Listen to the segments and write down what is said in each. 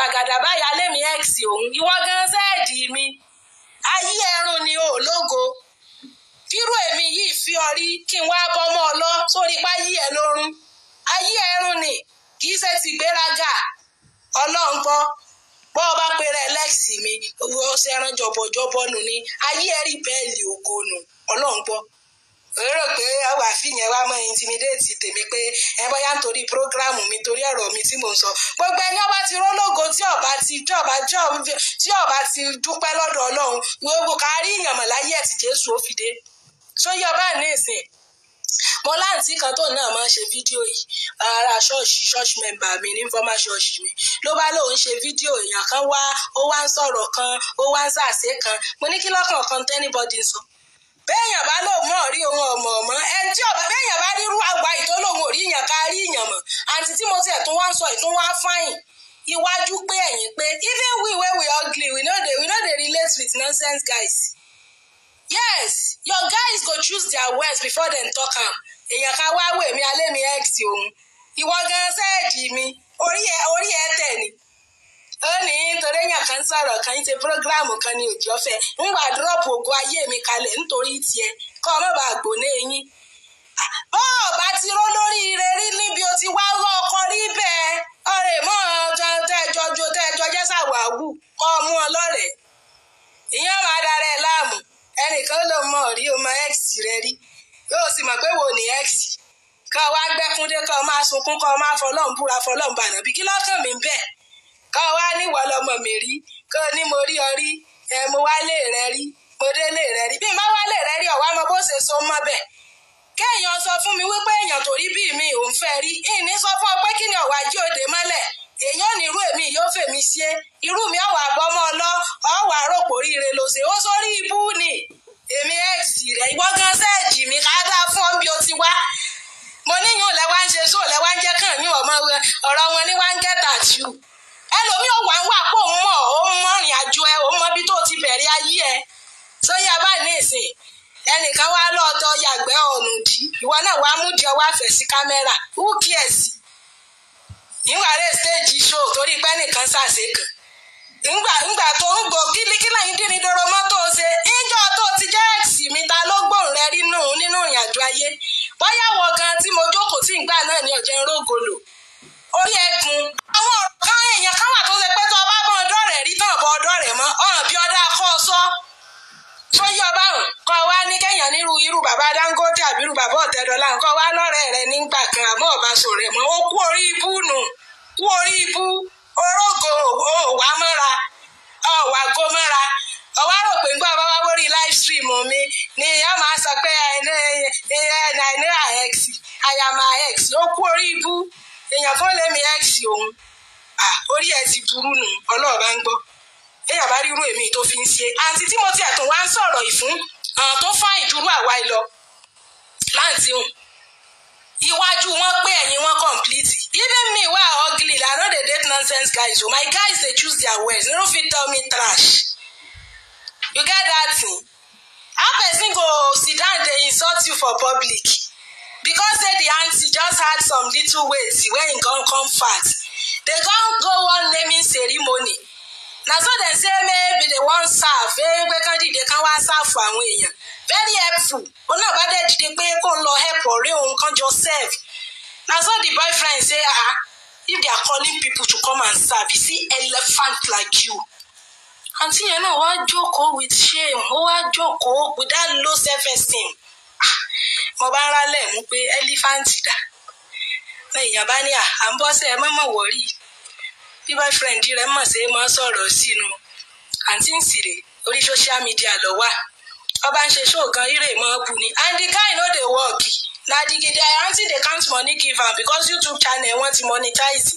gbàgàdà báyà lémi x òun ìwọ gan zẹ́ẹ̀dì mi ayé ẹrun ni ò kírú èmi yìí fi ọrí kí n wá bọ́mọ́ ọ sórí páyí ẹ lórun ayé ẹrun ni kì í ṣe ti gbéraga ọlọ́run bọ́ ọ bá pèrè lẹ́ẹ̀sì mi owó ọsẹ ẹran jọ̀bọ̀jọ̀bọ̀ nù ni ayé ẹ̀rí bẹ́ẹ̀lì ògo nù ọlọ́run gbọ́ pé àwọn àfihàn wa mọ intimidate tèmi pé ẹ bóyá nítorí programu mi torí ọ̀rọ̀ mi tí mò ń sọ gbogbo ẹni ọba ti rọ́ ti tí ọba tí ọba ti dúpẹ́ lọ́dọ̀ ọlọ́run gbogbo kárí ìyànmọ̀ láyé ẹ̀ tí jésù ó fi dé sóyè ọba ní ìsìn mo láǹtí kan tó náà máa ń ṣe fídíò yìí ara ṣọ́ọ̀ṣì ṣọ́ọ̀ṣì mẹ́mbà mi ní fọ́mà ṣọ́ọ̀ṣì mi ló bá lóun ṣe fídíò èèyàn kan wá ó wá ń sọ̀rọ̀ kan ó wá ń sàṣe kan mo ní kí lọ́kàn kan tẹ́nibọ́dì sọ béèyàn bá lóun mọ̀ rí ohun ọ̀mọ̀ ọ̀mọ́ ẹni tí bá rí irú àgbà ìtólóhùn òrí ìyàn ká rí ìyàn mọ̀ àǹtí tí mo tiẹ̀ tún wá ń sọ ìtún wá fáyìn iwájú pé ẹ̀yìn pé even we wey we ugly we no dey we no dey relate with nonsense guys yes your guys go choose their words before dem talk am èèyàn kan wá wè mí alẹ́ mi x òun ìwọ gan sẹ́ẹ̀dì mi orí ẹ orí ẹ tẹ̀ ni ó ní nítorí èèyàn kan sọ̀rọ̀ kan ní ti programu kan ní òjò ọ̀fẹ́ ń gbà dúrọ́ọ̀pù ayé mi kalẹ̀ nítorí tiẹ̀ kọ́ ọ mọ̀ bá gbóná eyín bó o bá ti ró lórí ire rí níbi o ti wá rọ ọkọ rí bẹ́ẹ̀ ọ̀rẹ́ mọ́ ọjọ́ tẹ́jọ́ jo tẹ́jọ́ jẹ́ sàwáwù kọ́ ọmú ọlọ́rẹ̀ ìyẹn máa dára ẹ̀ láàmú ẹnìkan ló mọ̀ rí o mọ x rẹ rí yóò sì mọ̀ pé wo ni x kọ́ wá gbẹ́kúndé kọ́ máa sunkún kọ́ máa fọlọ́n búra fọlọ́n bànà bí kí lọ́kàn mi bẹ́ẹ̀ kọ́ wá níwọ̀ lọmọ mi rí kọ́ ni mo rí ọ rí ẹ mo wá lè rẹ rí mo dé lè rẹ rí bí n bá wá lè rẹ rí ọ̀wá mọ bó ṣe so mọ́ bẹ́ẹ̀ kéèyàn sọ fún mi wípé èèyàn tó rí bí mi ò ń fẹ́ rí ìní sọ fún ọ pé kí ni ọ̀wá jí òde mọ́lẹ̀ èèyàn ní irú èmi yóò fèmí ṣe irú mi ọ̀wà àbọ̀mọ́ ọlọ́ ọ̀wà àròpò ríire lòsè ó sórí ibú ni èmi ẹ̀ sì rẹ̀ ìwọ́g ẹnìkan wá lọ́ọ̀tọ́ yàgbẹ́ ọnù òdì ìwọ náà wàá mú di ọwọ àfẹ́ sí kámẹ́rà who cares stage show torí pé kan ngbà ngbà tó ń gbò kílíkílà yín dín ní ṣe ìjọ tó ti rẹ nínú ayé bóyá wọ gan tí mo jókòó sí ìgbà náà ní kéèyàn nírú irú bàbá Dangote àbí irú bàbá Ọ̀tẹ́dọ́là nǹkan wá lọ́rẹ̀ẹ́ rẹ nígbà kan àmọ́ ọba sọ̀rọ̀ ẹ̀ mọ́ ó kú orí ibú nù kú orí ibú orógo òwà mọ́ra ọ̀wà go. mọ́ra ọwọ́ rò pé ńgbà bá wá wórí live stream mi ni ìyá máa sọ pé nàìjíríà x àyàmà x ó kú orí ibú èèyàn kan lè mi x òun orí ẹ ti burú nù ọlọ́ọ̀bá ń gbọ́ èèyàn bá rí irú èmi tó fi ń ṣe àǹtí tí mo tiẹ̀ tún wá ń sọ̀rọ̀ ìfún àwọn tó fáyìn jùrú àwa yìí lọ láǹtí hùn iwájú wọn pé ẹ̀yìn wọn complete even me wey i ugly i no dey date nonsense guys o my guys dey choose their words no fit tell me trash you get that thing how person go sit down dey insult you for public because say the aunty just had some little weight wey him come come fat they come go one naming ceremony na so dem say maybe they wan serve ee eh, pé kán dìde kán wá serve àwọn èèyàn very helpful òun náà bá dẹ̀ dìde pé kó lọ help ọ̀rẹ́ òun kán just serve na so the boyfriend say ah, ah if they are calling people to come and serve you see elephant like you àǹtí yẹn náà wá jókòó with shame ó wá jókòó without low self esteem ah, mo bá rálẹ̀ mú pé elephant dà ẹ̀yìn àbá ní ah, à ń bọ́ sí ẹ mọ́mọ́ wọ̀rí yìí bí boyfriend rẹ̀ mọ̀ ṣe máa sọ̀rọ̀ sínú àǹtí ń sìrè orí social media lọ wà ọba ń ṣe ṣó gan ire mọ́ bu ni and the guy no dey work na the gidi aunty dey count money give am because youtube channel wọn ti monetize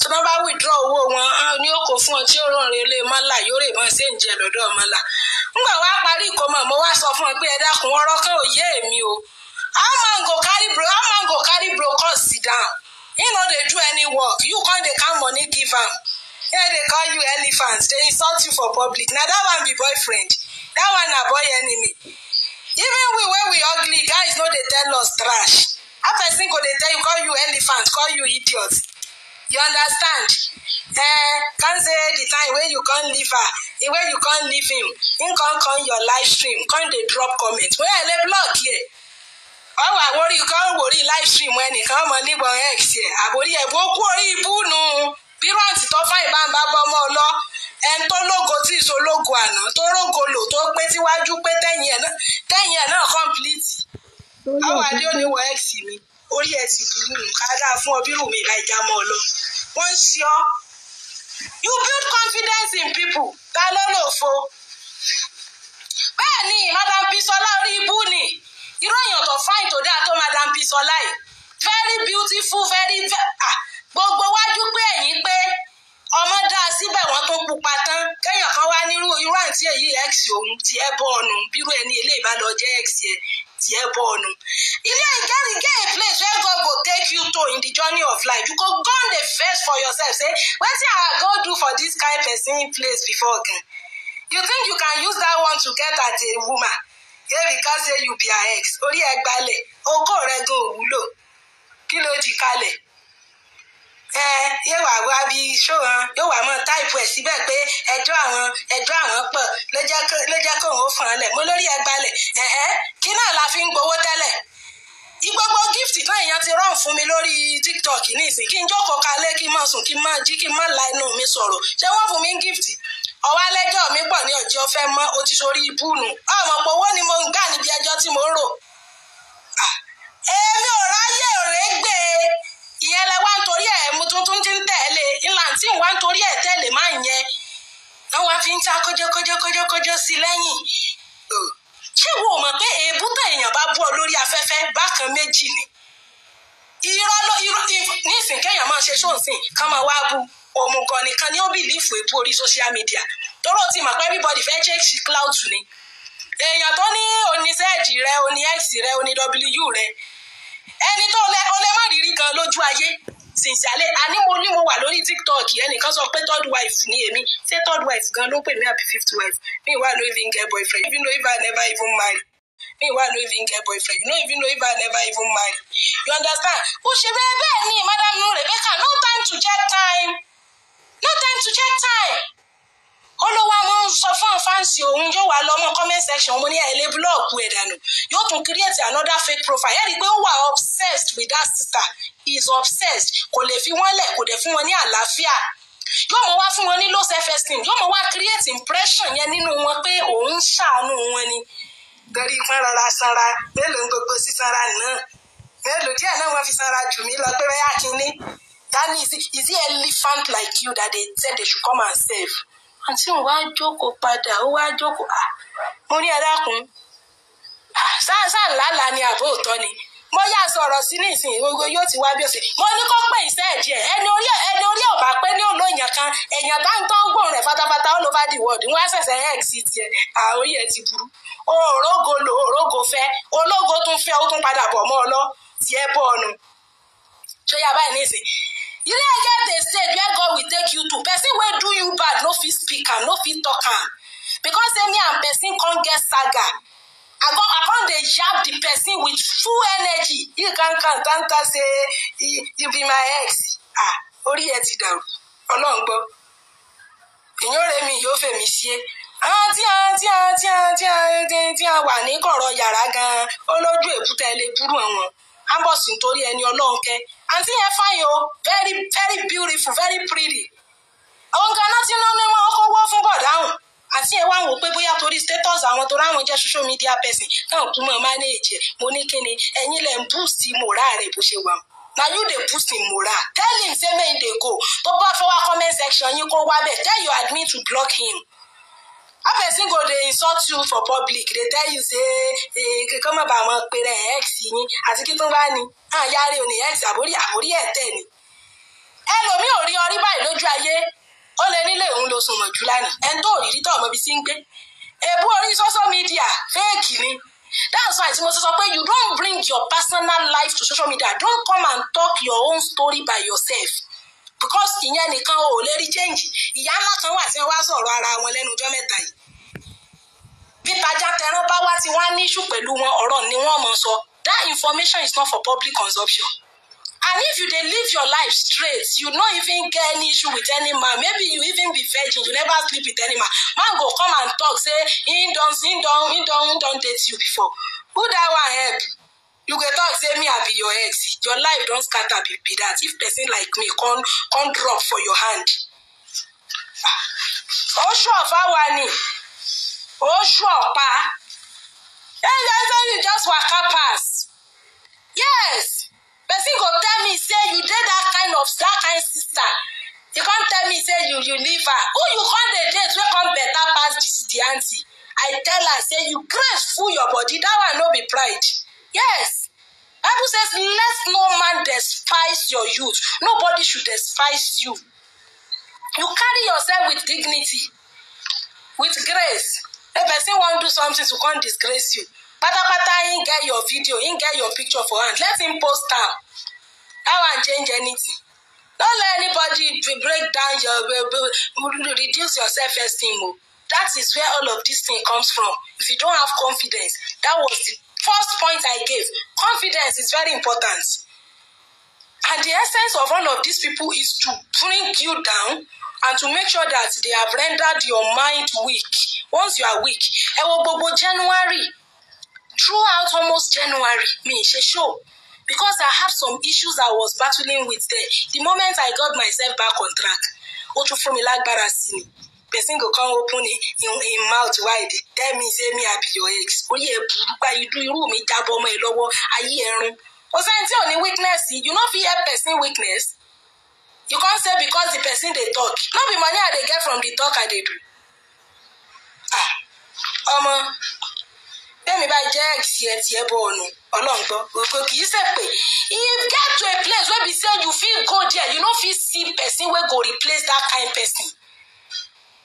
tí wọn bá withdraw owó wọn ní òkò fún ọ tí ó rọrùn ilé mọ́là yóò rè mọ́ ṣe ń jẹ lọ́dọ̀ mọ́là ngbà wá parí ìkómọ mo wá sọ fún ọ pé ẹ dákun ọ̀rọ̀ kan ò yé èmi o how man go carry bro how man go carry bro come sit down e no dey do any work you come dey count money give am here they call you elephant dey insult you for public na that one be boyfriend that one na boy enemy even we wey we ugly guys no dey tell us trash how person go dey tell you call you elephant call you idiot you understand eh come say the time wey you come leave her the way you come leave him him come come your live stream come dey drop comment wey i lay block here wọ́n wà wọ́n rí kán wò live stream ẹnìkan ọmọ níbọn x ẹ̀ àbórí ẹ̀ bó kú orí ibú nu bírọ̀ǹtì tó fáyì bá ń bá bọ́mọ lọ ẹni tó lógo tí ìṣó lógo àná tó rógo lò tó pé tíwájú pé tẹ̀yìn ẹ̀ náà complete àwọn adé òní wọ x mi orí ẹ̀ sì burú nù ká dáa fún ọ bírù mi ìlà ìjà mọ́ ọ lọ wọ́n ń ṣe ọ́ you build confidence in people ta ló lò fo bẹ́ẹ̀ ni madam bisola orí ibú ni irú èèyàn tó tó dáa tó madam Bisola yìí very beautiful very gbogbo wájú pé ẹ̀yìn pé ọmọ dá a síbẹ̀ wọ́n tó pupa tán kéèyàn kan wá nírú irú àǹtí èyí x òun ti ẹ bọ́ ọ̀nù bírú ẹni ilé ìbálò jẹ́ x yẹn ti ẹ bọ́ ọ̀nù. ilé ìkẹ́rin get a place where God go take you to in the journey of life you go go on the face for yourself say wetin I go do for this kind of person place before gan you think you can use that one to get at a woman yéèmí ká ṣe ubia x orí ẹ gbalẹ̀ okó rẹ gan òwúlò kí ló di kalẹ̀ ẹ yé wàá wá bí ṣóhan yóò wá mọ táìpù ẹ síbẹ̀ pé ẹjọ́ àwọn ẹjọ́ àwọn pọ̀ ló jẹ́ kó òun fọn lẹ̀ mo lórí ẹ gbalẹ̀ ẹ̀hẹ́ kí náà la fi ń gbowó tẹ́lẹ̀ ìgbogbo gift náà èèyàn ti rán fún mi lórí tiktok nísìnyí kí n jókòó kalẹ̀ kí n má sùn kí n má jí kí n má la inú mi sọ̀rọ̀ ṣé wọ́n fún mi gift ọwọ́ alẹ́jọ́ mi pọ̀ ní ọjọ ọ̀fẹ́ mọ́ o ti sori ibú ọmọ pọ̀ owó ni mo ń gbà níbi ẹjọ tí mo ń rò. èmi ò ráyè òrégbè ìyẹn lẹ wá nítorí tuntun ti ń tẹ̀lé ńlá tí ń wá nítorí ẹ̀ tẹ̀lé ń yẹn fi ń ta sí lẹ́yìn mọ̀ pé èébú èèyàn bá bú ọ lórí afẹ́fẹ́ bákan méjì ni nísìnyí máa wá bú òun gan nìkan ni ó bìlífù epo orí social media tọ́rọ̀ ti mọ̀ pé everybody fẹ́ jẹ́ clout ni èèyàn tó ní oní z rẹ oní x rẹ oní w rẹ ẹni tó lẹ ọlẹ má rírí gan lójú ayé sìnsàlẹ̀ àní mo ní mo wà lórí tiktok ẹnìkan sọ pé third wife ni èmi ṣé third wife gan ló pè mí àbí fifth wife mi wà no even get boyfriend even though if I never even marry me wà no even get boyfriend you know even know if I never even marry you understand ó ṣe bẹ́ẹ̀ bẹ́ẹ̀. Sujata ẹ̀ ó ló wá mọ́ ń sọ fún fáǹsì òun yóò wá lọ́mọ comment section mo ní ẹ̀lẹ́ búlọ́ọ̀kù ẹ̀ dànù yóò tún create another fake profile ẹ̀rí pé ó wà obsessed with that sister he is obsessed kò lè fi wọ́n lẹ̀ kò dẹ̀ fún wọn ní àlàáfíà yóò mọ wá fún wọn ní low self esteem yóò mọ wá create impression yẹn nínú wọn pé òun ṣàánú wọn ni torí pọ́n rọra sanra mélòó ń gbogbo sísanra náà mélòó díẹ̀ náà wọ́n fi sanra jù mí lọ pé bẹ́ẹ̀ yá kínní dání is it is it elephant like you that they said they should come and save? àǹtí ń wá jókòó padà ó wá jókòó à ah, mo ní ẹdákun ah, sáà lálàá ni àbó òótọ́ ni mo yá sọ̀rọ̀ sí nísìnyí gbogbo yóò ti wá bí òsè mo ní kó pè iṣẹ́ ẹ̀jẹ̀ ẹni orí ẹni orí ọ̀bà pé ní òun lóyìn kan èèyàn tá ń tọ́ ń gbòòrùn rẹ̀ fatafata all over the world wọ́n á ṣẹ̀ṣẹ̀ exit tiẹ̀ àwọn yẹn ti burú òrógo lò òrógo fẹ́ ológo tún fẹ́ ó tún padà bọ̀ mọ́ ọ lọ tiẹ̀ bọ́ọ̀nù tó yá báyìí nísìnyí you no get a stage where god will take you to person wey do you bad no fit speak am no fit talk am because say me and person come get saga i go i come dey yab the person with full energy he can can tanta say you be my ex ah orí ẹ ti dàrú ọlọ́run gbọ́ èèyàn rẹ̀ mi yóò fẹ̀mí sí ẹ àǹtí àǹtí àǹtí àǹtí àǹtí àǹtí àwà ní kọ̀rọ̀ yàrá gan-an ó lójú èkúta ẹ lè búrú àwọn ambos nítorí ẹni ọlọ́run kẹ́ àǹtí yẹn fáyìn o very very beautiful very pretty àwọn nǹkan náà ti náà ní wọn kó wọ́ fún bọ̀dáhùn àti ẹ̀ wá wò pé bóyá torí status àwọn tó ráwọn jẹ́ social media person táwọn kú mọ́ manage mo ní kíni ẹ̀yin lẹ̀ ń boost moral rẹ̀ bó ṣe wà na you dey boost im moral tell him say make he dey go tó bá fọwọ́ comment section yín kó wá bẹ̀ tell your admin to block him a person go dey insult you for public dey tell you say eh, kankan mọ̀ bá wọn pe rẹ̀ x yín àti kí tó bá ní hàn yára òní x àbórí àbórí ẹ̀ tẹ̀ ni. ẹlòmíì ò rí ọrí báyìí lójú ayé ó lè nílé òun lo sùn mọ̀jú lánàá ẹni tó rí rí tọ̀ ọmọ ibi tí ń gbé. èbú orí social media fẹ́ẹ̀kì ni that's why tí mo sọ pé you don't bring your personal life to social media don't come and talk your own story by yourself because ìyẹn nìkan ò lè rí change ìyá ńlá kan wà tí wọ́n wá sọ̀rọ̀ ara wọn lẹ́nu ọjọ́ mẹ́ta yìí bí tajà tẹran bá wá tí wọ́n á ní issue pẹ̀lú wọn ọ̀rọ̀ ni wọ́n mọ̀ sọ that information is not for public consumption and if you dey live your life straight you no even get any issue with any man maybe you even be virgin you never sleep with any man man go come and talk say he don he don he don he don date you before who that one help you go talk say me i be your ex your life don scatter be be that if person like me come come drop for your hand ó ṣù ọ̀fà wa ni ó ṣù ọ̀pá ẹ̀yìn ẹ̀sẹ̀ you just waka pass yes person go tell me say you dey that kind of that kind sister you come tell me say you you leave her who you come dey date wey come better pass the, the aunty i tell her say you grace full your body that one no be pride yes despise your youth nobody should despise you you carry yourself with dignity with grace if person wan do something to come disgrace you patapata him get your video him get your picture for hand let him post am that one change anything no let anybody break down your reduce your self esteem o oh. that is where all of this thing comes from if you don't have confidence that was the first point i gave confidence is very important the essence of all of these people is to bring you down and to make sure that they have rendered your mind weak. Once you are weak, ẹ wo gbogbo January throughout almost January me ṣe show because I have some issues I was battling with there. The moment I got myself back on track, ó tún fún mi lágbára sí ni. Person go come open him him mouth wide. That means say me I be your ex. Oye burúkú ayé irú mi jabo ọmọ ẹ lọ́wọ́ ayé ẹrun kò sẹ́ni tí ò ní weakness you no fit help person weakness you come say because the person dey talk no be money i dey get from the talk i dey do ah ọmọ tẹ́mi bá jẹ́ tiẹ̀ tiẹ̀ bọ̀ ọ̀nù ọlọ́ngbọ́ òkè kì í ṣèpè if get to a place wey be say you fit go there you no fit see person wey go replace that kind person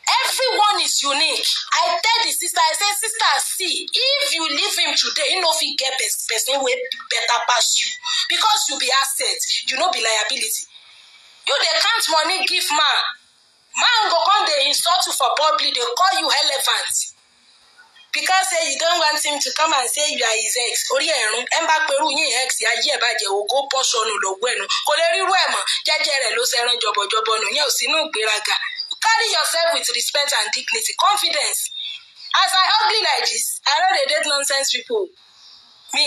everyone is unique i tell the sister i say sister see if you leave him today he no he get best person wey better pass you because you be asset you no be liability you they count money give man man go come they insult you for public they call you elephant because say you don't want him to come and say you are his ex orí ẹ̀rún ẹ̀ ń bá ex ayé ẹ̀ bàjẹ́ ògo bọ́ sọnù lọ́gbọ́ ẹ̀nu kò lè rírú ẹ̀ mọ́ jẹ́jẹ́ rẹ̀ ló ṣẹ́ran jọ̀bọ̀jọ̀bọ̀ nù yẹn ò sínú Carry yourself with respect and dignity, confidence. As I ugly like this, I no dey date nonsense people. Me,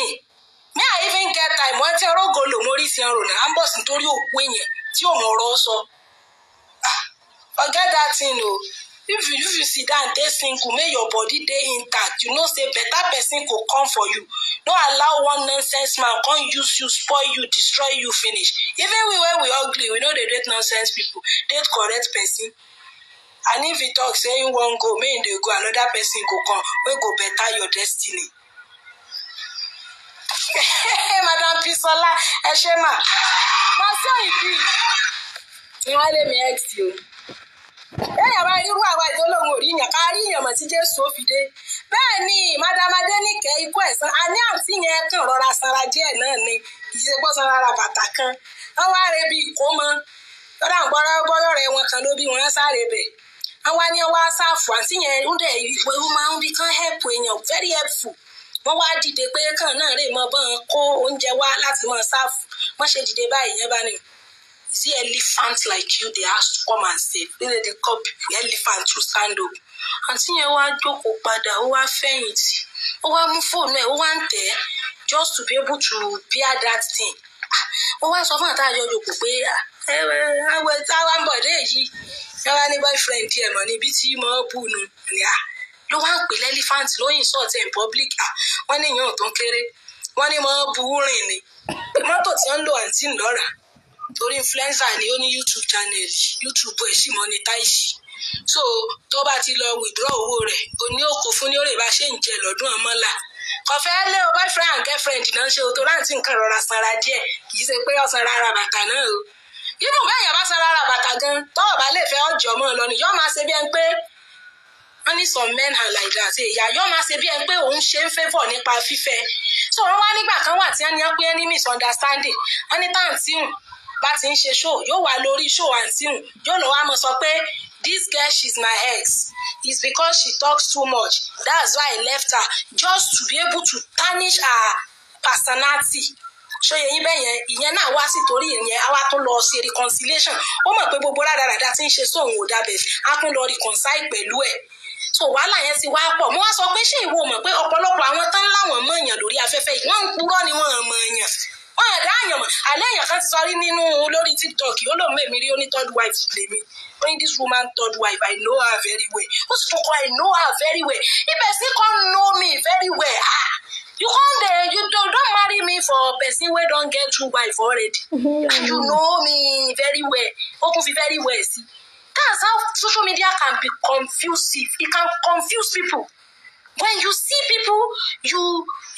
me I even get time wọ́n ti orógo lò mórí sí ọrùn náà, ambos nítorí òkú èèyàn tí ò mọ ọ̀rọ̀ sọ. Forget that thing o. Oh. If you if you sit down dey single, make your body dey intact. You know say better person go come for you. No allow one nonsense man come use you, spoil you, destroy you finish. Even we when we ugly, we no dey date nonsense people. Date correct person and if he talk say him wan go make him dey go another person go come wey go better your destiny. madam bisola ẹ ṣe mà na so e be ni wọn lé mi x o èèyàn bá irú àwa ìdólóhùn òrí yàn ká rí yàn mọ̀ tí jésù ó fi dé bẹ́ẹ̀ ni madam adéníkẹ́ ikú ẹ̀sán àní àǹtí yẹn kàn rọra sanra díẹ̀ náà ni ìṣe pọ́ sanra ra bàtà kan wọ́n wá re bí ìkómọ lọ́dà ń gbọ́rọ́ gbọ́rọ́ rẹ̀ wọn kan ló bí wọn sáré bẹ̀ àwa ni àwa sáfù àǹtí yẹn ń dẹ̀ ìwé ó máa ń bí kán help èèyàn very helpful wọ́n wá dìde pé kàn náà lè mọ bọ́n kó oúnjẹ wá láti mọ sáfù wọ́n ṣe dìde báyìí yẹn bá ní see elephant like you they ask come and save they dey call people elephant to stand up àǹtí yẹn wá jókòó padà ó wá fẹ̀yìntì ó wá mú fóònù ẹ̀ ó wá ń tẹ̀ just to be able to bear that thing ah, ó wá sọ fún àtàjọ yòókù pé ah, àwọn táwa ń bọ̀ dé yìí ẹ wá ní boyfriend ẹ mọ̀ níbi tí mo bù nù ní à ah, ló wá ń pè lẹ́lífáǹtì ló yìn sọ̀tẹ̀ in public à ah, wọ́n ní ìyàn tó ń kéré wọ́n ní mo bu rìn ni mọ́tò tí ń lo àǹtí ńlọ́ra torí influencer ni ó ní youtube channel youtube ẹ̀ sì monetize so tó bá ti lọ withdraw owó rẹ̀ o ní òkò fún ní ó lè bá ṣe ń jẹ lọ́dún ọmọlá kọfẹ́ lé o boyfriend and girlfriend náà ṣe o tó rántí nǹkan rọra sanra díẹ̀ kì í ṣe pé ọ̀sán rárá bàtà náà o ibùn bẹ́ẹ̀ yẹn bá sara ara bàtà gan tọ́wọ̀ bá lè fẹ́ ọjọ́ mọ́ lọ ni yọ́ máa ṣe bí ẹn pé wọ́n ní some men are like that ìyá yọ́ máa ṣe bí ẹn pé òun ṣe ń favour nípa fífẹ́ so wọ́n wá nígbà kan wà tí wọ́n ní pé ẹni misunderstanding wọ́n ní táǹtì hùn bá ti ń ṣe show yóò wà lórí show àǹtí hùn yóò lọ wá mọ sọ pé this girl she's my ex it's because she talks too much that's why I left her just to be able to tarnish her personality ṣó yẹ yín bẹ́yẹn ìyẹn náà wá sí torí ìyẹn àwa tún lọ ṣe reconciliation ó mọ̀ pé gbogbo rádaràda tí ń ṣe sóhun ò dábẹ̀ á tún lọ reconcile pẹ̀lú ẹ̀ so wàhálà yẹn ti wá pọ̀ mo wá sọ pé ṣé ìwọ mọ̀ pé ọ̀pọ̀lọpọ̀ àwọn tán láwọn mọ̀ èèyàn lórí afẹ́fẹ́ yìí ń purọ́ ni wọ́n mọ̀ èèyàn wọ́n yàn dá àyàn mọ̀ èèyàn kan ti sọ rí nínú lórí tiktok ó lóun mèmí rí ó third wife lèmi ó ní this woman third wife i know her very well ó sì tún kọ i know her very well ibẹ̀ sì kọ́ know me very well ah you come there you don don marry me for a person where don't get true wife already and mm-hmm. you know me very well okun fi very well si that's how social media can be confusive It can confuse people when you see people you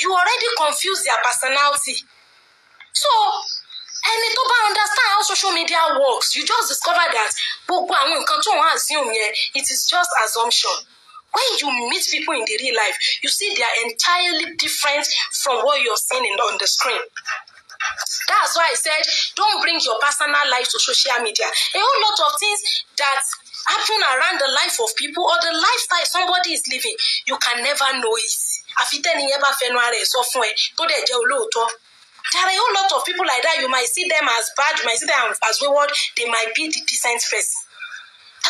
you already confuse their personality so ẹni tó bá understand how social media works you just discover that gbogbo àwọn nǹkan tó it is just assumption when you meet people in the real life, you see they are entirely different from what you're seeing in, on the screen. That's why I said, don't bring your personal life to social media. A whole lot of things that happen around the life of people or the lifestyle somebody is living, you can never know it. àfi yẹn bá fẹnu ara ẹ̀ sọ fún ẹ tó dẹ̀ jẹ́ olóòótọ́. There are a whole lot of people like that. You might see them as bad, you might see them as wayward, they might be the decent person.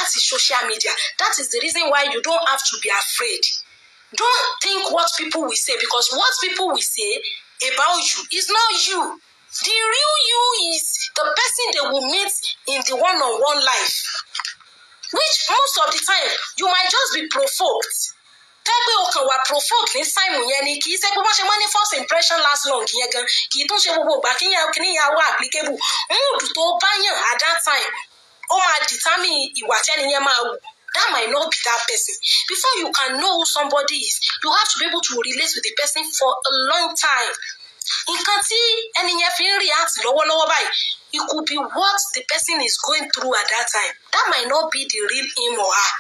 That is social media. That is the reason why you don't have to be afraid. Don't think what people will say because what people will say about you is not you. The real you is the person they will meet in the one on one life, which most of the time you might just be provoked. tẹ́gbẹ́ ọkàn wà provoked ní sáìmù yẹn ni kì í ṣe pé wọ́n ṣe wọ́n ní first impression last long yẹn gan kì í tún ṣe gbogbo ìgbà kíyàn kíníyàn wà applicable múùdù tó bá yàn at that time ó máa determine ìwà tẹ́ni yẹn máa wù that might not be that person before you can know who somebody is you have to be able to relate with the person for a long time nǹkan tí ẹni yẹn fi ń react lọ́wọ́lọ́wọ́ báyìí it could be what the person is going through at that time that might not be the real him or her.